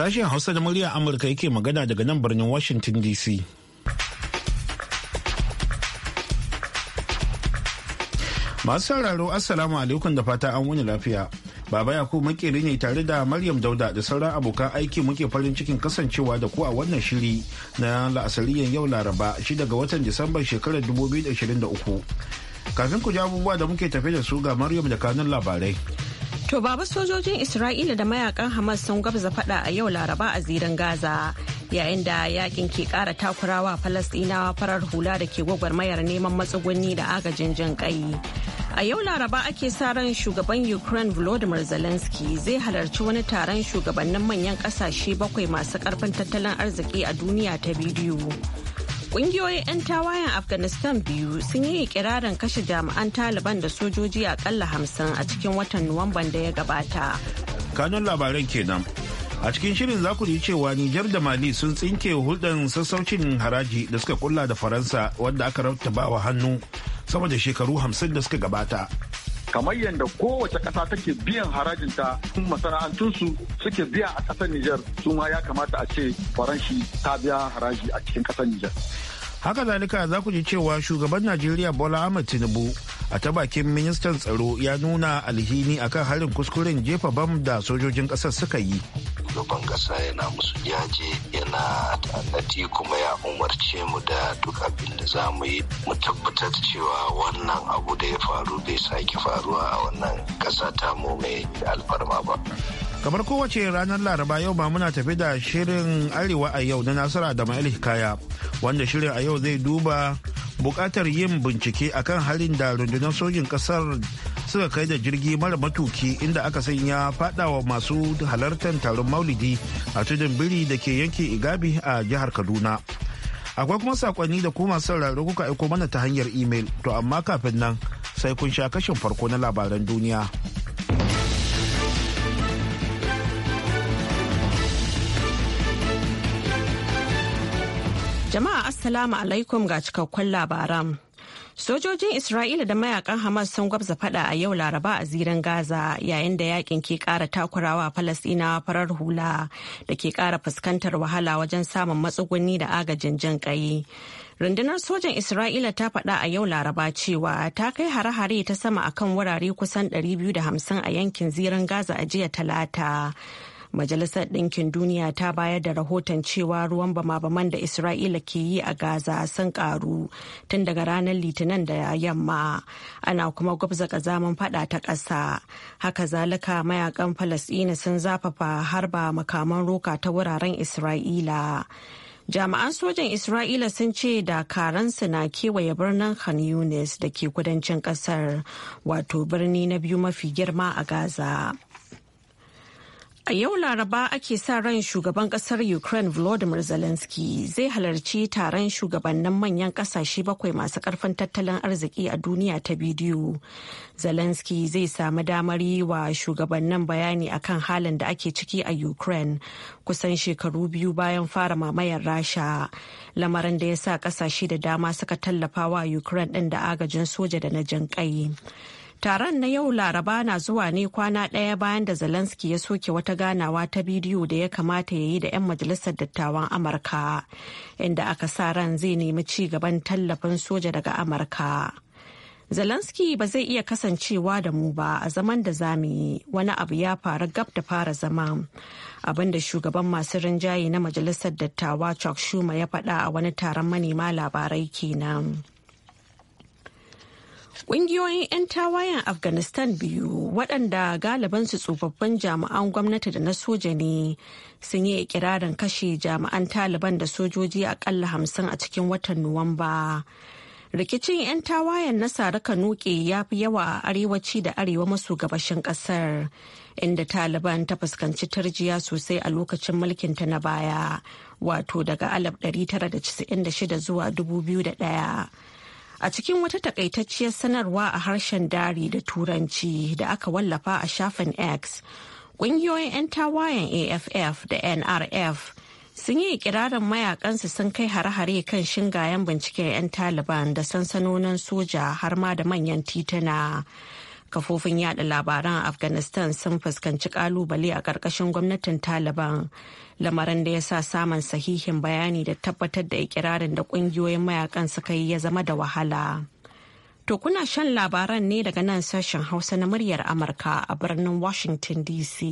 Sashen Hausa da murya Amurka yake magana daga nan birnin Washington DC. Masu sauraro Assalamu alaikum da fata an wuni lafiya. Baba Yaku makeri ne tare da Maryam Dauda da sauran abokan aiki muke farin cikin kasancewa da ku a wannan shiri na la'asariyan yau Laraba shi daga watan Disamban shekarar 2023. Kafin ku ji abubuwa da muke tafe da su ga Maryam da kanun labarai. To baba sojojin Isra'ila da mayakan Hamas sun gabza fada a yau Laraba a zirin Gaza yayin da yakin ke kara takurawa Falasɗinawa farar hula da ke gwagwarmayar neman matsuguni da agajin jin kai. A yau Laraba ake sa ran shugaban Ukraine Volodymyr Zelensky zai halarci wani taron shugabannin manyan kasashe bakwai masu karfin tattalin arziki a duniya ta bidiyo. Ƙungiyoyin 'yan tawayen Afghanistan biyu sun yi ikirarin kashe jami'an Taliban da sojoji akalla hamsin a cikin watan Nuwamban da ya gabata. Kanun labaran kenan. A cikin shirin za ku ji cewa Nijar da Mali sun tsinke hulɗar sassaucin haraji da suka kulla da Faransa wadda aka wa hannu sama da shekaru hamsin da suka gabata. kamar yadda kowace ƙasa take biyan harajinta masana'antunsu suke biya a ƙasar Nijar su ma ya kamata a ce faranshi ta biya haraji a cikin ƙasar Nijar. haka zalika za ku ji cewa shugaban najeriya bola ahmed tinubu a ta bakin ministan tsaro ya nuna alhini kan harin kuskuren jefa bam da sojojin kasar suka yi shugaban ƙasa yana musu yaje yana ta'annati kuma ya umarce mu da duk abin da za mu yi mu tabbatar cewa wannan abu da ya faru bai sake faruwa a wannan ƙasa ta mu mai alfarma ba kamar kowace ranar laraba yau ba muna tafi da shirin arewa a yau na nasara da ma'il hikaya wanda shirin a yau zai duba bukatar yin bincike a kan halin da rundunar sojin kasar suka kai da jirgi mara matuki inda aka sanya fadawa masu halartar taron maulidi a tudun biri da ke yankin igabi a jihar kaduna akwai kuma sakonni da kuma sauraro kuka aiko mana ta hanyar imel to amma kafin nan sai kun sha kashin farko na labaran duniya. Jama'a Assalamu alaikum ga cikakkun labaran. Sojojin Isra'ila da mayakan Hamas sun gwabza fada a yau Laraba a zirin Gaza yayin da yakin ke kara takurawa Falasɗinawa farar hula da ke kara fuskantar wahala wajen samun matsuguni da agajin jin kai. Rundunar sojan Isra'ila ta faɗa a yau Laraba cewa ta kai hare-hare ta sama akan wurare kusan 250 a yankin zirin Gaza a jiya Talata. Majalisar Ɗinkin Duniya ta bayar da rahoton cewa ruwan bama-baman da Isra'ila ke yi a Gaza sun ƙaru. tun daga ranar Litinin da yamma. Ana kuma gwabza ƙazaman faɗa ta ƙasa. Haka zalika mayakan Falasɗina sun zafafa harba makaman roka ta wuraren Isra'ila. jami'an sojan isra'ila sun ce dakaransu na kewaye birnin khan yunis da ke kudancin ƙasar. wato birni na biyu mafi girma a gaza A yau Laraba ake sa ran shugaban kasar Ukraine Volodymyr Zelensky zai halarci taron shugabannin manyan kasashe bakwai masu karfin tattalin arziki a duniya ta bidiyo. Zelensky zai sami damar yi wa shugabannin bayani akan halin da ake ciki a Ukraine kusan shekaru biyu bayan fara mamayar Rasha. Lamarin da ya sa kasashe da dama suka tallafa wa Ukraine ɗin da agajin soja da na jin kai. Taron na yau Laraba na zuwa ne kwana ɗaya bayan da Zelensky ya soke wata ganawa ta bidiyo da ya kamata ya yi da 'yan majalisar dattawan Amurka, inda aka sa ran zai nemi ci gaban tallafin soja daga Amurka. Zelensky ba zai iya kasancewa da mu ba a zaman da zamu yi wani abu ya faru gab da fara zama. Abinda shugaban masu rinjaye na majalisar dattawa Chuck Schumer ya faɗa a wani taron manema labarai kenan. Ƙungiyoyin 'yan tawayen Afghanistan biyu waɗanda galibansu tsofaffin jami'an gwamnati da na soja ne sun yi ikirarin kashe jami'an Taliban da sojoji akalla hamsin a cikin watan Nuwamba. Rikicin 'yan tawayen na Saraka Nuke ya fi yawa a arewaci da arewa maso gabashin ƙasar, inda Taliban ta fuskanci tarjiya sosai a lokacin mulkinta na baya, wato daga 1996 zuwa 2001. a cikin wata takaitacciyar sanarwa a harshen dari da turanci da aka wallafa a shafin x ƙungiyoyin 'yan tawayen aff da nrf sun yi ikirarin mayakansu sun kai hare-hare kan shingayen binciken 'yan taliban da sansanonin soja har ma da manyan tituna. kafofin yada labaran afghanistan sun fuskanci kalubale a ƙarƙashin gwamnatin taliban lamarin da ya sa samun sahihin bayani da tabbatar da ikirarin da ƙungiyoyin mayakan suka yi ya zama da wahala to kuna shan labaran ne daga nan sashen hausa na muryar amurka a birnin washington dc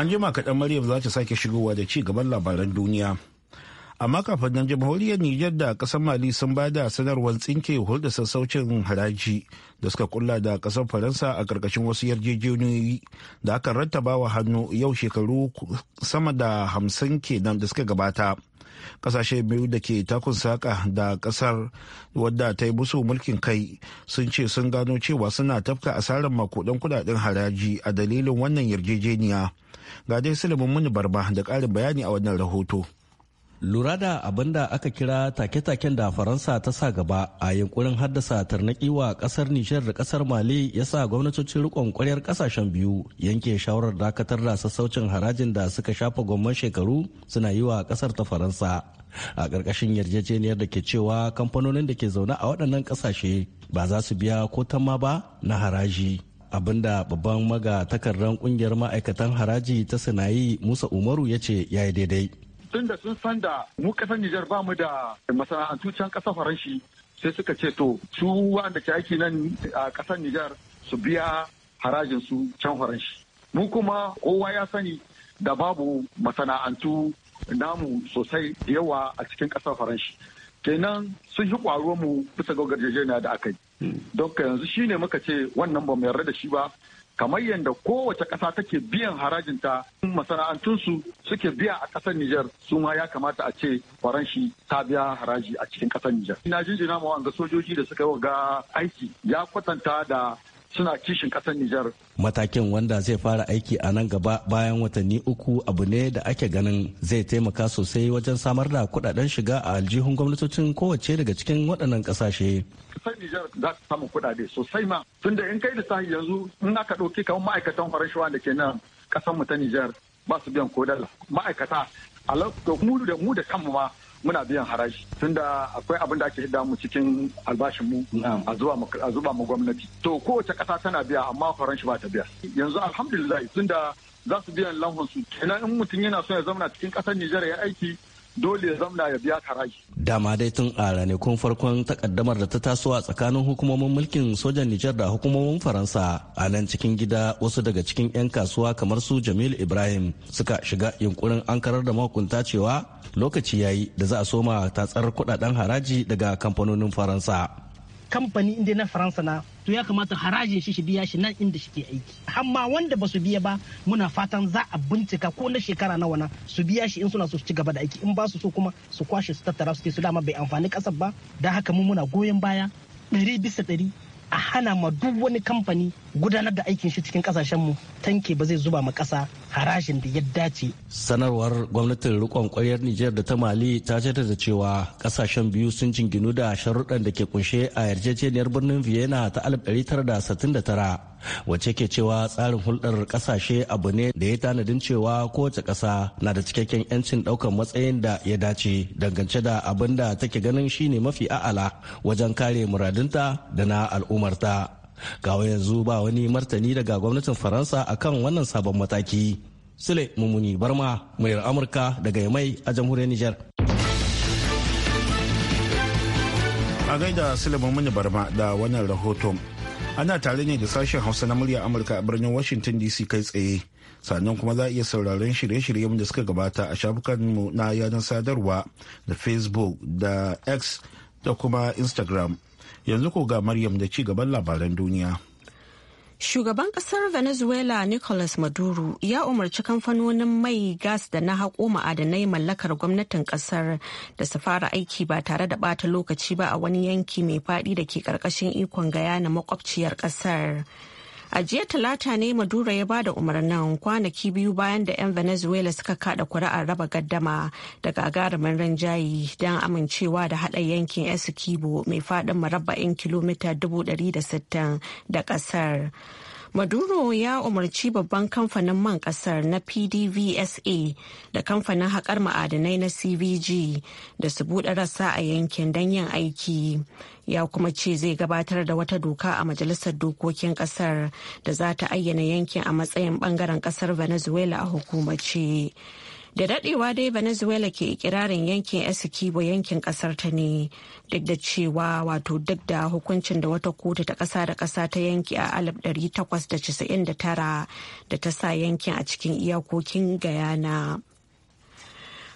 an jima kaɗan maryam za ta sake shigowa da ci gaban labaran duniya amma kafin nan jamhuriyar Nijar da kasar Mali sun ba da sanarwar tsinke hulɗa sassaucin haraji da suka kulla da kasar Faransa a ƙarƙashin wasu yarjejeniyoyi da aka rattaba wa hannu yau shekaru sama da hamsin kenan da suka gabata. Kasashe biyu da ke takun saƙa da ƙasar wadda ta yi musu mulkin kai sun ce sun gano cewa suna tafka asarar makudan kudaden haraji a dalilin wannan yarjejeniya. Ga dai Sulaiman Muni Barba da ƙarin bayani a wannan rahoto. lura da abin da aka kira take-taken da faransa ta sa gaba a yunkurin haddasa tarnaki wa kasar nijar da kasar mali ya sa gwamnatocin rikon kwaryar kasashen biyu yanke shawarar dakatar da sassaucin harajin da suka shafa gwamman shekaru suna yi wa kasar ta faransa a ƙarƙashin yarjejeniyar da ke cewa kamfanonin da ke zaune a waɗannan ƙasashe ba za su biya ko tamma ba na haraji abinda babban maga takardar ƙungiyar ma'aikatan haraji ta sinayi musa umaru ya ce ya yi daidai tun da sun san da mu kasar Nijar ba mu da masana'antu can kasar Faranshi sai suka ce to su wanda ke aiki nan a kasar Nijar su biya harajin su can Faranshi. Mu kuma kowa ya sani da babu masana'antu namu sosai da yawa a cikin kasar Faranshi. kenan sun yi kwaro mu bisa ga da aka yi. Hmm. Don ka yanzu shine muka ce wannan ba mu yarda da shi ba kamar yadda kowace ƙasa take biyan harajinta masana'antunsu suke biya a ƙasar Nijar su ma ya kamata a ce faranshi ta biya haraji a cikin ƙasar Nijar. Ina jinjina ma wanga sojoji da suka ga aiki ya kwatanta da suna kishin ƙasar Nijar. Matakin wanda zai fara aiki a nan gaba bayan watanni uku abu ne da ake ganin zai taimaka sosai wajen samar da kudaden shiga a aljihun gwamnatocin kowace daga cikin waɗannan kasashe. kasar Nijar za ta samu kudade sosai ma tunda in kai da sahi yanzu in aka ɗauki kamar ma'aikatan farashuwa da ke nan ƙasar mu ta Nijar ba su biyan ko dala ma'aikata Alaƙa da mu da kanmu ma muna biyan haraji tunda akwai abin da ake mu cikin albashin mu a zuba mu gwamnati to kowace ƙasa tana biya amma faranshi ba ta biya yanzu alhamdulillah tunda za su biyan su kenan in mutum yana so ya zama cikin ƙasar Nijar ya aiki dole ya zamna ya biya haraji. Dama dai tun a ranakun farkon takaddamar da ta taso a tsakanin hukumomin mulkin sojan Nijar da hukumomin Faransa a nan cikin gida wasu daga cikin 'yan kasuwa kamar su Jamil Ibrahim suka shiga yunkurin ankarar da mahukunta cewa lokaci yayi da za a soma tatsar kudaden haraji daga kamfanonin Faransa. kamfani inda na faransa na to ya kamata harajin shi shi biya shi nan inda shi ke aiki amma wanda ba su biya ba muna fatan za a bincika ko na shekara nawa na su biya shi in suna so su ci gaba da aiki in ba su so kuma su kwashe su tattara su ke su dama bai amfani kasar ba da haka mu muna goyon baya ɗari bisa ɗari a hana ma duk wani kamfani gudanar da aikin shi cikin kasashenmu tanke ba zai zuba ma ƙasa harashin da ya dace. Sanarwar gwamnatin rikon kwayar Nijar da ta Mali ta jaddada cewa kasashen biyu sun jinginu da sharuɗan da ke kunshe a yarjejeniyar birnin Vienna ta 1969 wacce ke cewa tsarin hulɗar ƙasashe abu ne da ya tanadin cewa kowace ƙasa na da cikakken 'yancin ɗaukar matsayin da ya dace dangance da abin da take ganin shine mafi a'ala wajen kare muradinta da na al'ummarta kawo yanzu ba wani martani daga gwamnatin faransa akan wannan sabon mataki sule mummuni barma muryar amurka daga yamai a jamhuriyar niger a gaida sule mummuni barma da wannan rahoton ana tare ne da sashen hausa na murya amurka a birnin washington dc kai tsaye sannan kuma za a iya sauraron shirye-shiryen da suka gabata a shafukanmu na yanar sadarwa da facebook da x da kuma instagram yanzu ko ga maryam da ci gaban labaran duniya Shugaban kasar Venezuela Nicolas Maduro ya umarci kamfanonin mai gas da na haƙo ma'adanai mallakar gwamnatin kasar da su fara aiki ba tare da bata lokaci ba a wani yanki mai faɗi da ke ƙarƙashin ikon gaya na makwabciyar ƙasar. A jiya talata ne madura ya bada umarnin kwanaki biyu bayan da 'yan Venezuela suka kada kuri'ar raba gaddama da gagarumin rinjaye don amincewa da haɗa yankin esquibo mai faɗin marabba'in kilomita 160 da ƙasar. Maduro ya umarci babban kamfanin man kasar na PDVSA da kamfanin haƙar ma'adanai na CVG da su buɗe rasa a yankin don yin aiki. Ya kuma ce zai gabatar da wata doka a Majalisar Dokokin kasar da za ta ayyana yankin a matsayin ɓangaren kasar Venezuela a hukumace. da daɗewa dai venezuela ke ikirarin yankin essequibo yankin kasar ta ne duk da cewa wato duk da hukuncin da wata kotu ta ƙasa da ƙasa ta yanki a 1899 da ta sa yankin a cikin iyakokin gayana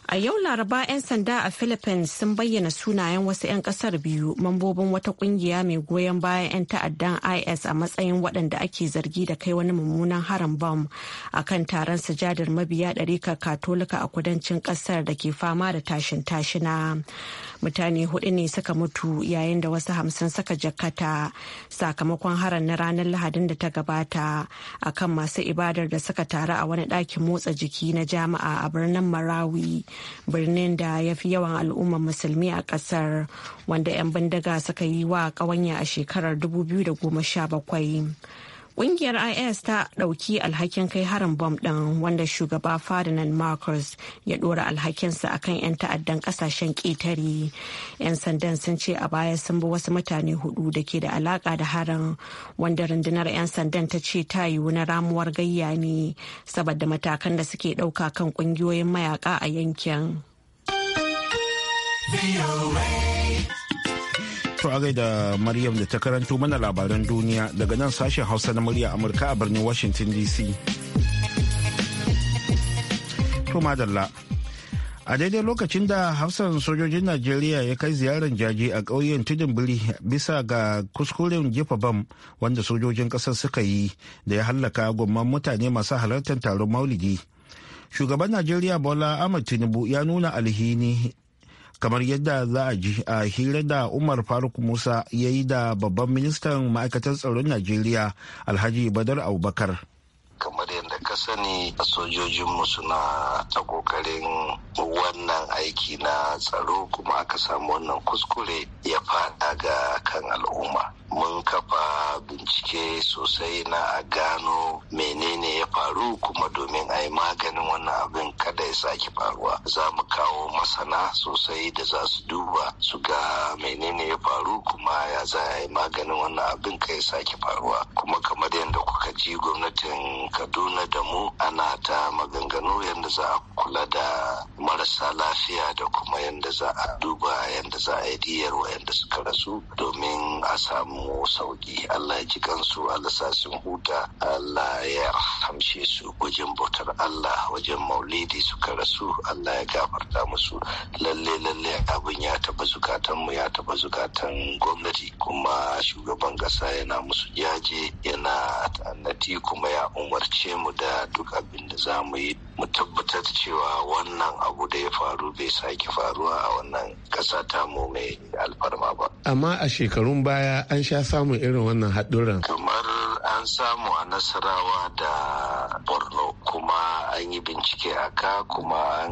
A yau Laraba 'yan sanda a Philippines sun bayyana sunayen wasu 'yan kasar biyu mambobin wata kungiya mai goyon bayan 'yan ta'addan IS a matsayin waɗanda ake zargi da kai wani mummunan harin bom a kan taron sujadar mabiya ɗarikar katolika a kudancin ƙasar da ke fama da tashin tashina. mutane hudu ne suka mutu yayin da wasu hamsin suka jakata sakamakon haran na ranar lahadin da ta gabata a kan masu ibadar da suka taru a wani ɗakin motsa jiki na jama'a a birnin marawi birnin da ya fi yawan al'ummar musulmi a ƙasar wanda 'yan bindiga suka yi wa ƙawanya a shekarar 2017 Ƙungiyar IS ta ɗauki alhakin kai harin bom ɗin wanda shugaba Ferdinand Marcos ya ɗora alhakinsa a kan 'yan ta'addan ƙasashen ƙetare. 'Yan sandan sun ce a baya sun bi wasu mutane hudu da ke da alaƙa da harin wanda rundunar 'yan sandan ta ce ta yi na ramuwar gayya ne saboda matakan da suke ɗauka kan ƙungiyoyin mayaƙa a yankin. to a da Maryam da ta karanto mana labaran duniya daga nan sashen Hausa na murya Amurka a birnin Washington DC. To madalla. A daidai lokacin da hafsan sojojin Najeriya ya kai ziyarar jaji a ƙauyen tudun biri bisa ga kuskuren jefa bam wanda sojojin ƙasar suka yi da ya hallaka gomman mutane masu halartar taron maulidi. Shugaban Najeriya Bola Ahmed Tinubu ya nuna alhini kamar yadda za a ji a hira da umar faruk musa ya yi da babban ministan ma'aikatar tsaron najeriya alhaji badar abubakar kamar yadda ka sani a sojojinmu suna ta kokarin wannan aiki na tsaro kuma aka samu wannan kuskure ya fada ga kan al'umma mun kafa bincike sosai na a gano menene ya faru kuma domin a yi maganin wannan abin kada ya sake faruwa za mu kawo masana sosai da za su duba su ga menene ya faru kuma ya za a yi maganin wannan abin kai sake faruwa kuma kamar yadda kuka ji gwamnatin kaduna da mu ana ta maganganu yadda za a kula da marasa lafiya da kuma yadda za a duba yadda za a yi diyar yadda suka rasu domin a samu samu sauki Allah ya ji kansu Allah sa sun huta Allah ya rahamshe su wajen bautar Allah wajen maulidi suka rasu Allah ya gafarta musu lalle lalle abin ya taba zukatan mu ya taba zukatan gwamnati kuma shugaban kasa yana musu jaje yana ta'annati kuma ya umarce mu da duk abin da za mu yi mu tabbatar cewa wannan abu da ya faru bai sake faruwa a wannan ƙasa mu mai alfarma ba. Amma a shekarun baya an sha samun irin wannan haɗuran. Kamar an samu a Nasarawa da Borno kuma an yi bincike a ka kuma an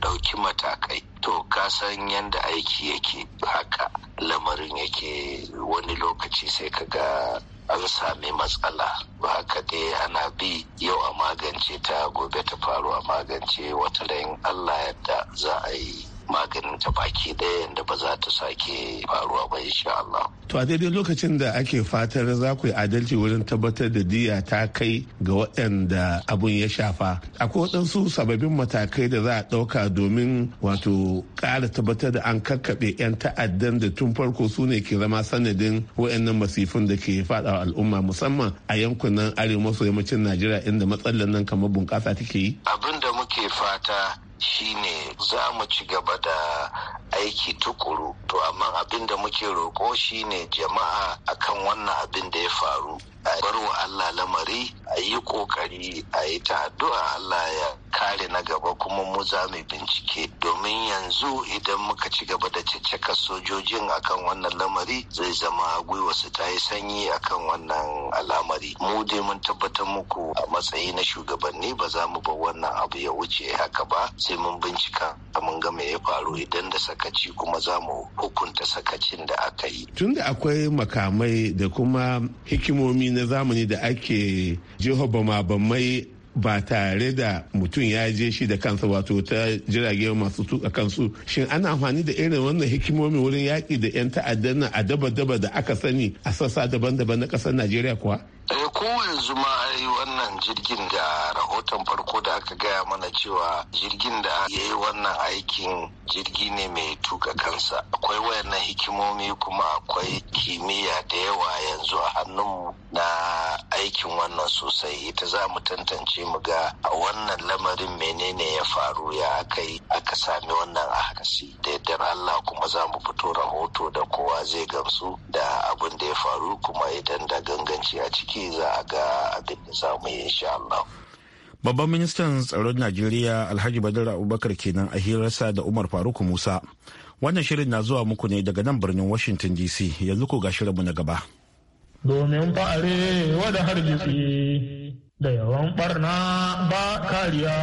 ɗauki matakai. To ka san yadda aiki yake haka lamarin yake wani lokaci sai ka ga an sami matsala ba haka dai ana bi yau a magance ta gobe ta faru a magance wata layin allah yadda za a yi maganin ta baki ɗaya yadda ba za ta sake faruwa ba insha Allah. To a daidai lokacin da ake fatar za ku yi adalci wurin tabbatar da diya ta kai ga waɗanda abun ya shafa. Akwai waɗansu sababbin matakai da za a ɗauka domin wato ƙara tabbatar da an kakkaɓe 'yan ta'addan da tun farko su ne ke zama sanadin waɗannan masifin da ke faɗawa al'umma musamman a yankunan arewa maso yammacin Najeriya inda matsalar nan kamar bunƙasa take yi. Abin da muke fata shine za mu ci gaba da aiki tukuru to amma abin da muke roƙo shine jama'a akan wannan abin da ya faru a bar wa Allah lamari a yi kokari a yi ta addu'a Allah ya kare na gaba kuma mu za mu bincike domin yanzu idan muka ci gaba da caccaka sojojin akan wannan lamari zai zama gwiwa su ta yi sanyi akan wannan al'amari mu dai mun tabbatar muku a matsayi na shugabanni ba za mu bar wannan abu ya wuce haka ba sai mun bincika mun ga me ya faru idan da sakaci kuma za mu hukunta sakacin da aka yi tunda akwai makamai da kuma hikimomi na zamani da ake jiho bama-bamai ba tare da mutum ya je shi da kansa wato ta jirage masu tuka kansu shin ana amfani da irin wannan hikimomi wurin yaƙi da 'yan ta'addan na a daba-daba da aka sani a sassa daban-daban na ƙasar najeriya kuwa eh, ko yanzu ma jirgin da rahoton farko da aka gaya mana cewa jirgin da ya yi wannan aikin jirgi ne mai tuka kansa akwai wayannan hikimomi kuma akwai kimiyya da yawa yanzu a hannunmu na aikin wannan sosai ita za mu tantance mu ga a wannan lamarin menene ya faru ya aka yi aka sami wannan akasi da yadda Allah kuma za mu fito rahoto da kowa zai gamsu da abin da ya faru kuma idan da ganganci a ciki za a ga abin da za mu yi insha Allah. Babban ministan tsaron Najeriya Alhaji Badar Abubakar kenan a hirarsa da Umar Faruk Musa. Wannan shirin na zuwa muku ne daga nan birnin Washington DC yanzu ko ga shirinmu na gaba. Domin fa'are wada hargitsi da yawan barna ba kariya.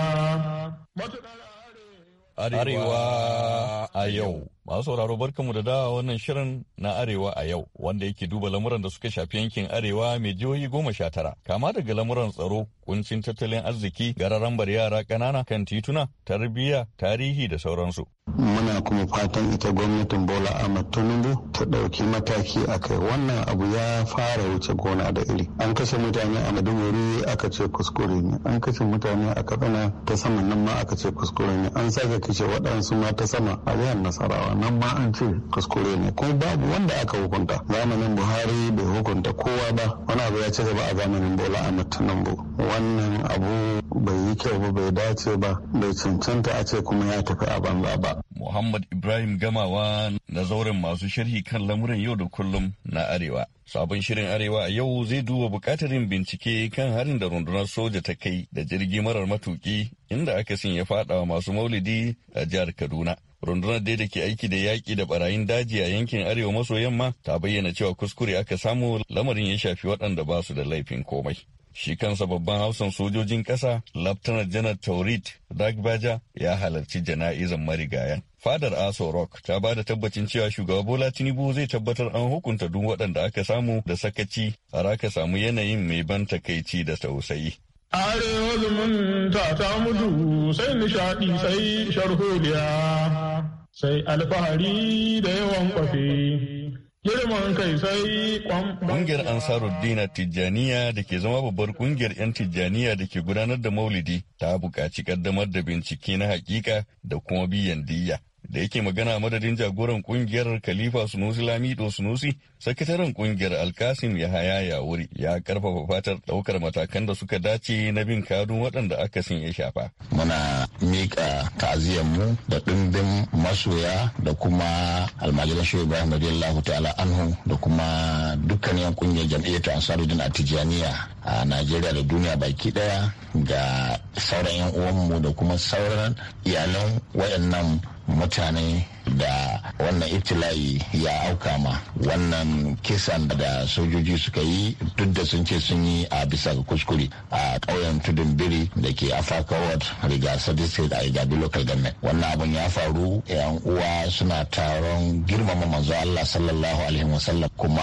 Arewa a yau. Masu sauraro barkanmu da dawa wannan shirin na Arewa a yau wanda yake duba lamuran da suka shafi yankin Arewa mai jihohi goma sha tara. Kama daga lamuran tsaro, kuncin tattalin arziki, gararambar yara kanana kan tituna, tarbiyya, tarihi da sauransu. Muna kuma fatan ita gwamnatin Bola Ahmad Tinubu ta ɗauki mataki a kai wannan abu ya fara wuce gona da iri. An kashe mutane a Maiduguri aka ce kuskure ne, an kashe mutane a Katsina ta sama nan ma aka ce kuskure ne, an sake kashe waɗansu ma ta sama a jihar Nasarawa nan ma an ce kuskure ne kuma babu wanda aka hukunta zamanin buhari bai hukunta kowa ba wani abu ya ci gaba a zamanin bola a bu wannan abu bai yi kyau ba bai dace ba bai cancanta a ce kuma ya tafi a banza ba muhammad ibrahim gamawa na zauren masu sharhi kan lamuran yau da kullum na arewa sabon shirin arewa a yau zai duba bukatar yin bincike kan harin da rundunar soja ta kai da jirgi marar matuki inda akasin ya fada masu maulidi a jihar kaduna rundunar da ke aiki da yaƙi da barayin daji a yankin arewa maso yamma ta bayyana cewa kuskure aka samu lamarin ya shafi waɗanda ba su da laifin komai shi kansa babban hausan sojojin ƙasa laftanar janar taurid dagbaja ya halarci jana'izan marigayan fadar aso rock ta ba da tabbacin cewa shugaba bola tinubu zai tabbatar an hukunta duk waɗanda aka samu da sakaci har aka samu yanayin mai ban takaici da tausayi Arewa zumunta ta mudu sai nishaɗi sai sharholiya sai alfahari da yawan kwafe. Girman kai sai Ƙungiyar Ansaruddina Tijjaniya da ke zama babbar ƙungiyar 'yan Tijjaniya da ke gudanar da maulidi ta buƙaci ƙaddamar da bincike na hakika da kuma biyan diyya. da yake magana madadin jagoran kungiyar kalifa sunusi lamido sunusi sakataren kungiyar alkasim ya haya ya wuri ya karfafa fatar daukar matakan da suka dace na bin kadun waɗanda sin ya shafa muna miƙa mu da ɗimbin masoya da kuma almajiran shehu ibrahim radiyallahu ta'ala anhu da kuma dukkanin yan kungiyar jam'iyyar ta ansaruddin atijaniya a najeriya da duniya baki daya ga sauran yan uwanmu da kuma sauran iyalan waɗannan mutane da wannan itilayi ya auka ma wannan kisan da sojoji suka yi duk da sun ce sun yi a bisa ga kuskure a ƙauyen tudun biri da ke afaka ward riga state a igabi local government wannan abun ya faru yan uwa suna taron girmama manzo allah sallallahu alaihi wasallam kuma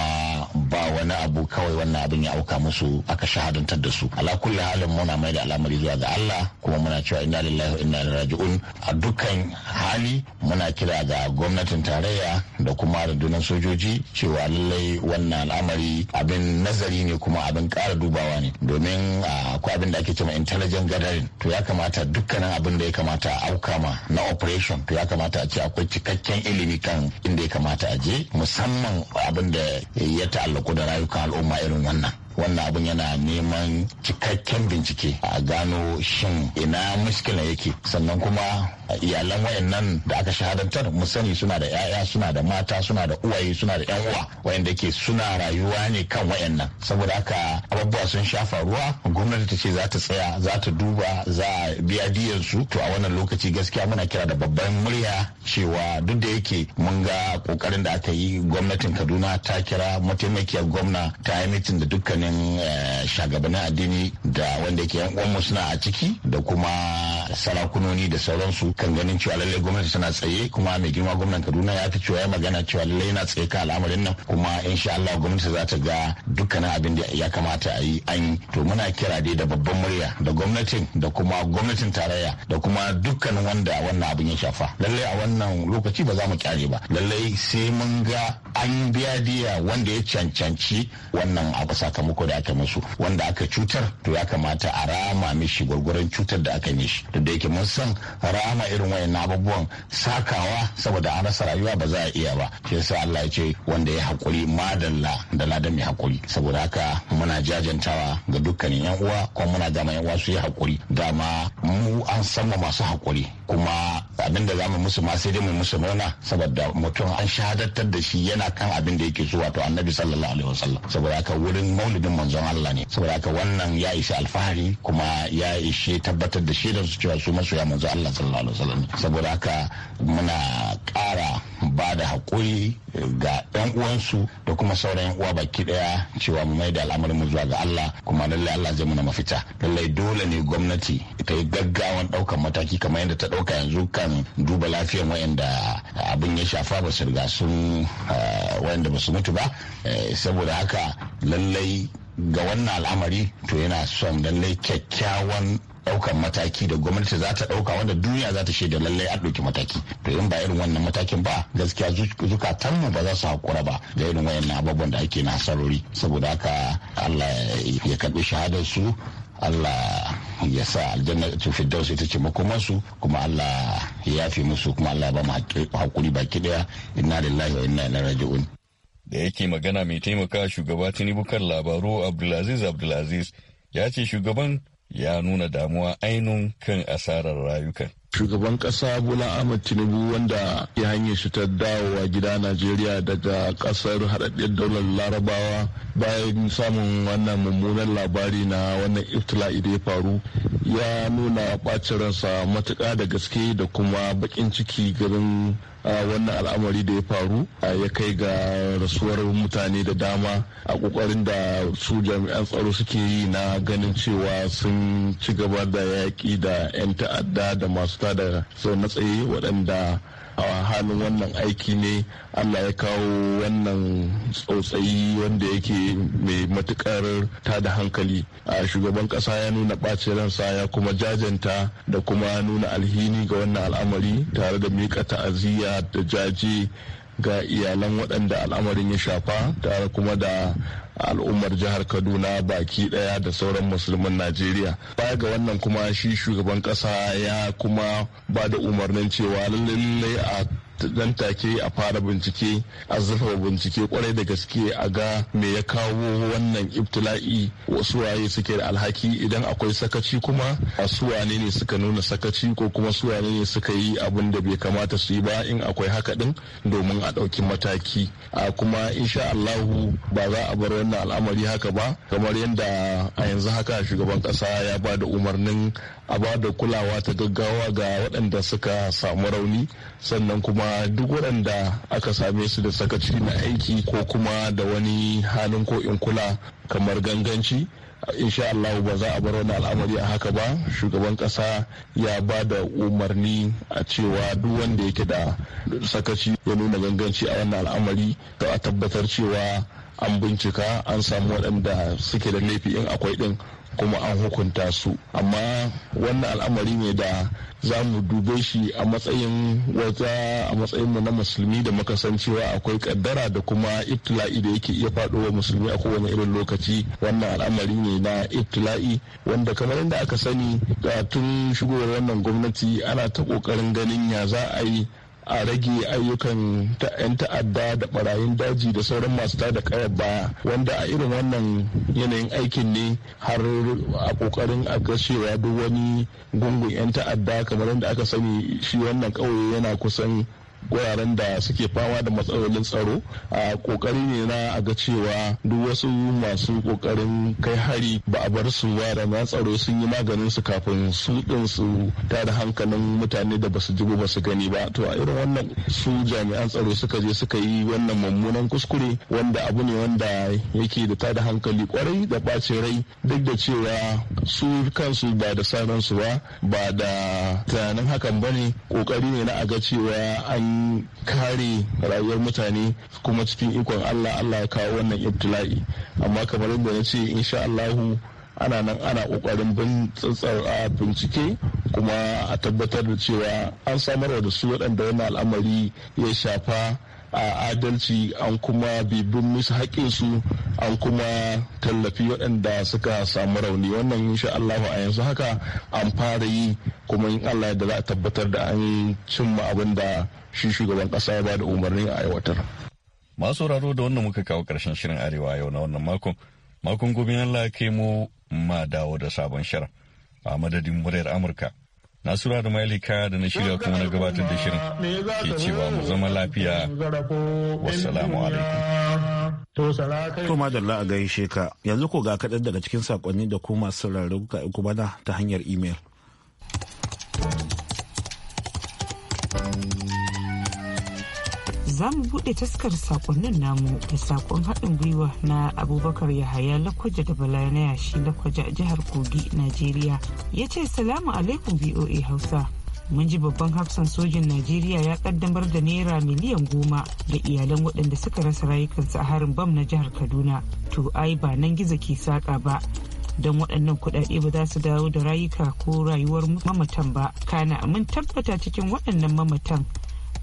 ba wani abu kawai wannan abin ya auka musu aka shahadantar da su ala kulli halin muna mai da al'amari zuwa ga allah kuma muna cewa inna lillahi wa inna ilaihi raji'un a dukkan hali muna kira ga da gwamnatin tarayya da kuma rundunar sojoji cewa lallai wannan al'amari abin nazari ne kuma abin ƙara dubawa ne domin akwai abin da ake cewa intelligent gathering to ya kamata dukkanin abin da ya kamata a auka ma na operation to ya kamata a ce akwai cikakken ilimi kan inda ya kamata a je musamman abin da ya ta'allaku da rayukan al'umma irin wannan wannan abin yana neman cikakken bincike a gano shin ina muskila yake sannan kuma iyalan wayannan da aka shahadantar mu sani suna da 'ya'ya suna da mata suna da uwaye suna da 'yan uwa wayanda ke suna rayuwa ne kan wayannan saboda haka abubuwa sun shafa ruwa gwamnati ta ce za ta tsaya za ta duba za a biya diyan su to a wannan lokaci gaskiya muna kira da babban murya cewa duk da yake mun ga kokarin da aka yi gwamnatin kaduna ta kira mataimakiyar gwamna ta yi mitin da dukkanin tsakanin eh, shagabannin addini da wanda ke yan uwanmu suna a ciki da kuma sarakunoni da sauransu kan ganin cewa lallai gwamnati tana tsaye kuma mai girma gwamnan Kaduna ya fi cewa ya magana cewa lallai yana tsaye ka al'amarin nan kuma insha Allah gwamnati za ta ga dukkanin abin da ya kamata a yi an yi to muna kira dai da babban murya da gwamnatin da kuma gwamnatin tarayya da kuma dukkanin wanda wannan abin ya shafa lallai a wannan lokaci ba za mu kyale ba lallai sai mun ga an biya diya wanda ya cancanci wannan abu sakamako farko da aka musu wanda aka cutar to ya kamata a rama mishi gwargwaron cutar da aka mishi duk da yake mun san rama irin wayan abubuwan sakawa saboda an rasa rayuwa ba za a iya ba shi yasa Allah ya ce wanda ya hakuri madalla da ladan mai hakuri saboda haka muna jajantawa ga dukkanin yan uwa kuma muna gama yan uwa su yi hakuri dama mu an san masu hakuri kuma abin da zamu musu ma sai dai mu musu nuna saboda mutum an shahadantar da shi yana kan abin da yake zuwa to annabi sallallahu alaihi wasallam saboda haka wurin maulidin manzon Allah ne saboda haka wannan ya ishe alfahari kuma ya ishe tabbatar da da su cewa su masoya manzon Allah sallallahu alaihi wasallam saboda haka muna ƙara ba da hakuri ga 'yan uwansu da kuma sauran uwa baki daya cewa mu mai da al'amarin mu zuwa ga Allah kuma lallai Allah zai muna mafita lallai dole ne gwamnati ta yi gaggawan ɗaukan mataki kamar yadda ta ɗauka yanzu kan kan duba lafiyan wayanda abin ya shafa ba su riga sun eh, wayanda ba su mutu ba eh, saboda haka lallai ga wannan al'amari to yana son lallai kyakkyawan daukan mataki da gwamnati za ta dauka wanda duniya za ta shaida lallai an ɗauki mataki to in ba irin wannan matakin ba gaskiya zukatanmu ba za su haƙura ba ga irin wayannan abubuwan da ake nasarori saboda haka allah ya karɓi shahadar su Allah ya sa aljanna ta firdaus ita ce makomansu kuma Allah ya yafe musu kuma Allah ya ba mu hakuri baki daya inna lillahi wa inna ilaihi raji'un da yake magana mai taimaka shugaba tinubu kan labaru abdulaziz abdulaziz ya ce shugaban ya nuna damuwa ainun kan asarar rayukan shugaban kasa bula ahmad tinubu wanda ya hanyar shi ta dawowa gida najeriya daga kasar haɗaɗɗiyar daular larabawa bayan samun wannan mummunan labari na wannan iftila'i da ya faru ya nuna ɓacin ransa matuka da gaske da kuma bakin ciki garin wannan al'amari da ya faru ya kai ga rasuwar mutane da dama a kokarin da su jami'an tsaro suke yi na ganin cewa sun ci gaba da yaƙi da 'yan ta'adda da masu tada na tsaye waɗanda a halin wannan aiki ne allah ya kawo wannan tsautsayi wanda yake mai matukar tada hankali a shugaban kasa ya nuna ɓacin ransa ya kuma jajanta da kuma nuna alhini ga wannan al'amari tare da miƙa ta'aziyya da jaje ga iyalan waɗanda al'amarin ya shafa tare kuma da al'ummar jihar kaduna baki daya da sauran musulman najeriya baya ga wannan kuma shi shugaban ƙasa ya kuma ba da umarnin cewa lallai a dan take a fara bincike a zurfa bincike kwarai da gaske a ga me ya kawo wannan ibtila'i wasu waye suke da alhaki idan akwai sakaci kuma a suwane ne suka nuna sakaci ko kuma suwane ne suka yi abin da bai kamata su yi ba in akwai haka din domin a ɗauki mataki a kuma insha Allahu ba za a bar wannan al'amari haka ba kamar yadda a yanzu haka shugaban ƙasa ya ba da umarnin a ba da kulawa ta gaggawa ga waɗanda suka samu rauni sannan kuma kuma duk waɗanda aka same su da sakaci na aiki ko kuma da wani halin ko in kula kamar ganganci insha Allah ba za a bar wani al'amari a haka ba shugaban ƙasa ya ba da umarni a cewa duk wanda yake da sakaci ya nuna ganganci a wannan al'amari to a tabbatar cewa an bincika an samu waɗanda suke da laifi in akwai ɗin kuma an hukunta su amma wannan al'amari ne da za mu dube shi a matsayin wata a matsayin mu na musulmi da muka san cewa akwai kaddara da kuma itla'i da yake iya faɗowa musulmi a kowane irin lokaci wannan al'amari ne na itla'i wanda kamar yadda aka sani da tun shigowar wannan gwamnati ana ta kokarin ganin ya za a yi a rage ayyukan 'yan ta'adda da barayin daji da sauran masu tada kayar baya wanda a irin wannan yanayin aikin ne har a kokarin a gashewa duk wani gungun 'yan ta'adda kamar yadda aka sani shi wannan ƙauye yana kusan wuraren da suke fama da matsalolin tsaro a kokari ne na a ga cewa duk wasu masu kokarin kai hari ba a bar su ba da na tsaro sun yi maganin su kafin su din su da hankalin mutane da basu ba su gani ba to a irin wannan su jami'an tsaro suka je suka yi wannan mummunan kuskure wanda abu ne wanda yake da tada hankali kwarai da ɓacin rai duk da cewa su kansu ba da su ba ba da tunanin hakan bane kokari ne na a ga cewa an an kare rayuwar mutane kuma cikin ikon Allah Allah ya kawo wannan ibtila'i amma kamar yadda na ce insha Allahu ana nan ana kokarin bin tsantsar bincike kuma a tabbatar da cewa an samar da su waɗanda wannan al'amari ya shafa a adalci an kuma bibin musu haƙƙinsu an kuma tallafi waɗanda suka samu rauni wannan insha Allah a yanzu haka an fara yi kuma in Allah da za a tabbatar da an cimma abin da shi shugaban ƙasa ba da umarni a aiwatar. Masu sauraro da wannan muka kawo ƙarshen shirin Arewa yau na wannan makon. Makon gobe Allah ya kai mu ma dawo da sabon shirin. A madadin muryar Amurka. Nasura da Malika da na shirya kuma na gabatar da shirin ke cewa mu zama lafiya. salamu alaikum. To madalla a gaishe ka yanzu ko ga kaɗan daga cikin saƙonni da kuma masu rarrabu ka bana ta hanyar imel. za mu buɗe taskar sakonnin namu da sakon haɗin gwiwa na abubakar yahaya lakwaja da bala na yashi lakwaja jihar kogi najeriya ya ce salamu alaikum voa hausa mun ji babban hafsan sojin najeriya ya kaddamar da naira miliyan goma ga iyalan waɗanda suka rasa rayukansu a harin bam na jihar kaduna to ai ba nan gizo ke saka ba don waɗannan kuɗaɗe ba za su dawo da rayuka ko rayuwar mamatan ba kana mun tabbata cikin waɗannan mamatan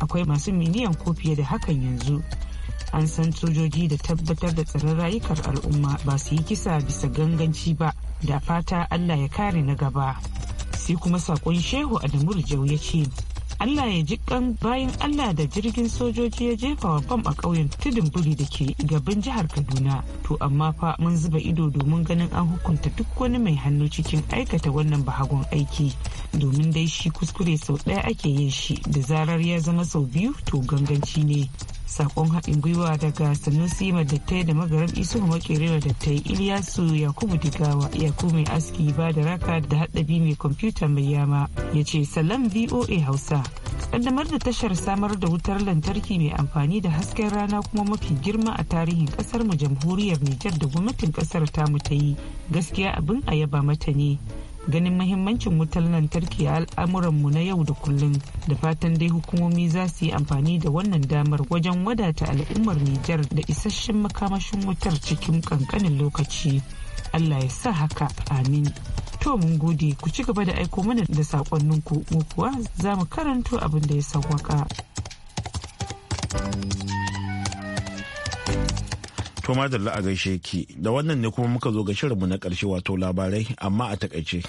akwai masu miliyan ko fiye da hakan yanzu an san sojoji da tabbatar da tsaron rayukar al'umma ba su yi kisa bisa ganganci ba da fata allah ya kare na gaba sai kuma sakon shehu adamu rijau ya ce Allah ya ji kan bayan Allah da jirgin sojoji ya jefa wa bam a ƙauyen tudun buri da ke gaban jihar Kaduna. To amma fa mun zuba ido domin ganin an hukunta duk wani mai hannu cikin aikata wannan bahagon aiki. Domin dai shi kuskure sau ɗaya ake yin shi da zarar ya zama sau biyu to ganganci ne. sakon haɗin gwiwa daga sanusi madattai da magaram isu makerewa dattai iliyasu yakubu digawa yakubu mai aski ba da raka da haɗabi mai kwamfuta mai yama ya ce salam voa hausa kaddamar da tashar samar da wutar lantarki mai amfani da hasken rana kuma mafi girma a tarihin kasar mu jamhuriyar nijar da gwamnatin kasar tamu ta yi gaskiya abin a yaba mata ne ganin mahimmancin wutar lantarki a al'amuranmu na yau da kullum da fatan dai hukumomi za su yi amfani da wannan damar wajen wadata al'ummar Nijar da isasshen makamashin wutar cikin kankanin lokaci. Allah ya sa haka amin. To mun gode ku ci gaba da aiko mana da saƙonninku mu kuwa za mu karanto abin da ya sauwaka. To madalla a gaishe ki da wannan ne kuma muka zo ga shirinmu na karshe wato labarai amma a takaice.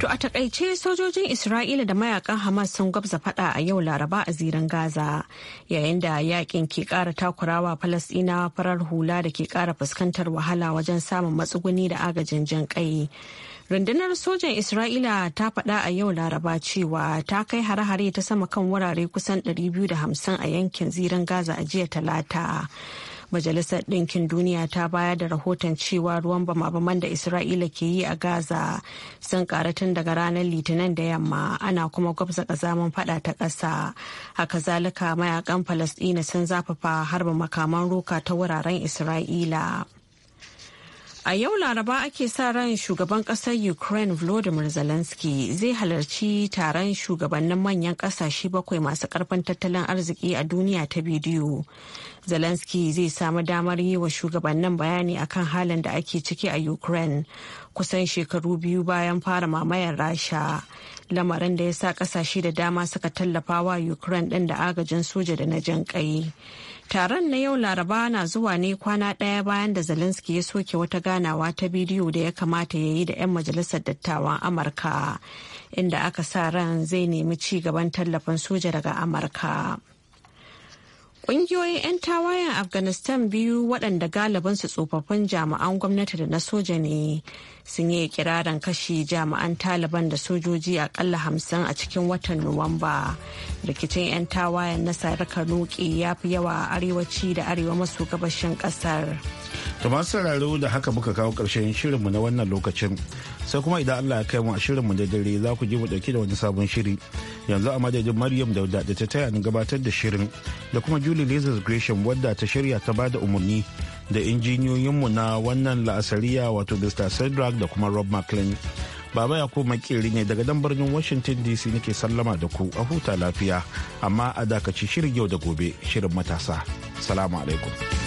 To a takaice sojojin Isra'ila da mayakan Hamas sun gwabza fada a yau Laraba a ziran Gaza yayin da yakin ke kara takurawa Falasɗinawa farar hula da ke kara fuskantar wahala wajen samun matsuguni da agajin jin kai. rundunar sojan isra'ila ta faɗa a yau laraba cewa ta kai hare-hare ta sama kan wurare kusan 250 a yankin ziran gaza a jiya talata majalisar ɗinkin duniya ta bayar da rahoton cewa ruwan bama-baman da isra'ila ke yi a gaza sun tun daga ranar litinin da yamma ana kuma gwabza kazaman fada ta ƙasa haka zalika mayakan falasɗina sun zafafa harba makaman roka ta wuraren isra'ila A yau Laraba ake sa ran shugaban kasar Ukraine Volodymyr Zelensky zai halarci taron shugabannin manyan kasashe bakwai masu karfin tattalin arziki a duniya ta bidiyo. Zelensky zai samu damar yi wa shugabannin bayani akan halin da ake ciki a Ukraine kusan shekaru biyu bayan fara mamayar Rasha. Lamarin da ya sa kasashe da dama suka tallafa wa Ukraine ɗin da agajin soja da na jin ƙai. Taron na yau Laraba na zuwa ne kwana ɗaya bayan da Zelensky ya soke wata ganawa ta bidiyo da ya kamata ya yi da 'yan majalisar dattawan Amurka, inda aka sa ran zai nemi ci gaban tallafin soja daga Amurka. Ƙungiyoyin 'yan tawayen Afghanistan biyu waɗanda galibinsu tsofaffin jami'an gwamnati da na soja ne sun yi kirarin kashe jami'an Taliban da sojoji akalla hamsin a cikin watan Nuwamba. Rikicin 'yan tawayen na sarika noke ya fi yawa a arewaci da arewa maso gabashin ƙasar. To masu sauraro da haka muka kawo ƙarshen shirinmu na wannan lokacin. Sai kuma idan Allah ya kai mu a shirinmu da dare za ku ji mu dauki da wani sabon shiri. Yanzu a madadin Maryam Dauda da ta taya ni gabatar da shirin da kuma Julie Lizard Gresham wadda ta shirya ta ba da umarni da injiniyoyinmu na wannan la'asariya wato Mr. Cedric da kuma Rob McLean. Baba ya kuma makeri ne daga dan birnin Washington DC nake sallama da ku a huta lafiya amma a dakaci shirin yau da gobe shirin matasa. Salamu alaikum.